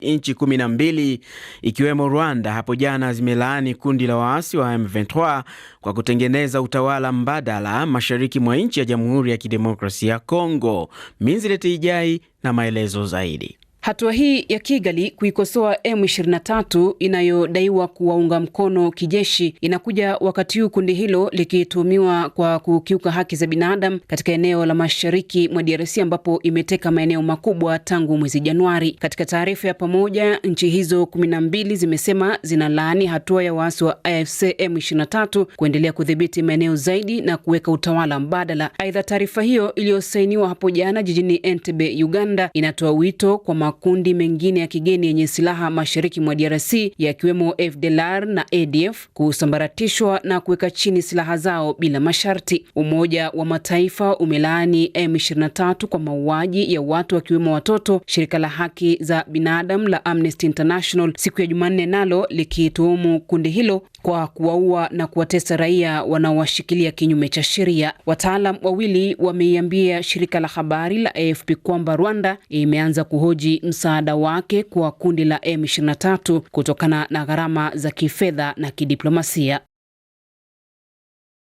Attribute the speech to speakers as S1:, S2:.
S1: Nchi kumi na mbili ikiwemo Rwanda hapo jana zimelaani kundi la waasi wa M23 kwa kutengeneza utawala mbadala mashariki mwa nchi ya Jamhuri ya Kidemokrasia ya Kongo. Minzileti Ijai na maelezo zaidi.
S2: Hatua hii ya Kigali kuikosoa M23 inayodaiwa kuwaunga mkono kijeshi inakuja wakati huu kundi hilo likituhumiwa kwa kukiuka haki za binadamu katika eneo la mashariki mwa DRC ambapo imeteka maeneo makubwa tangu mwezi Januari. Katika taarifa ya pamoja, nchi hizo kumi na mbili zimesema zinalaani hatua ya waasi wa AFC M23 kuendelea kudhibiti maeneo zaidi na kuweka utawala mbadala. Aidha, taarifa hiyo iliyosainiwa hapo jana jijini Entebbe, Uganda, inatoa wito kwa makundi mengine ya kigeni yenye silaha mashariki mwa DRC yakiwemo FDLR na ADF kusambaratishwa na kuweka chini silaha zao bila masharti. Umoja wa Mataifa umelaani M23 kwa mauaji ya watu wakiwemo watoto, shirika la haki za binadamu la Amnesty International siku ya Jumanne nalo likituhumu kundi hilo kwa kuwaua na kuwatesa raia wanaowashikilia kinyume cha sheria. Wataalam wawili wameiambia shirika la habari la AFP kwamba Rwanda imeanza kuhoji msaada wake kwa kundi la M23 kutokana na gharama za kifedha na kidiplomasia.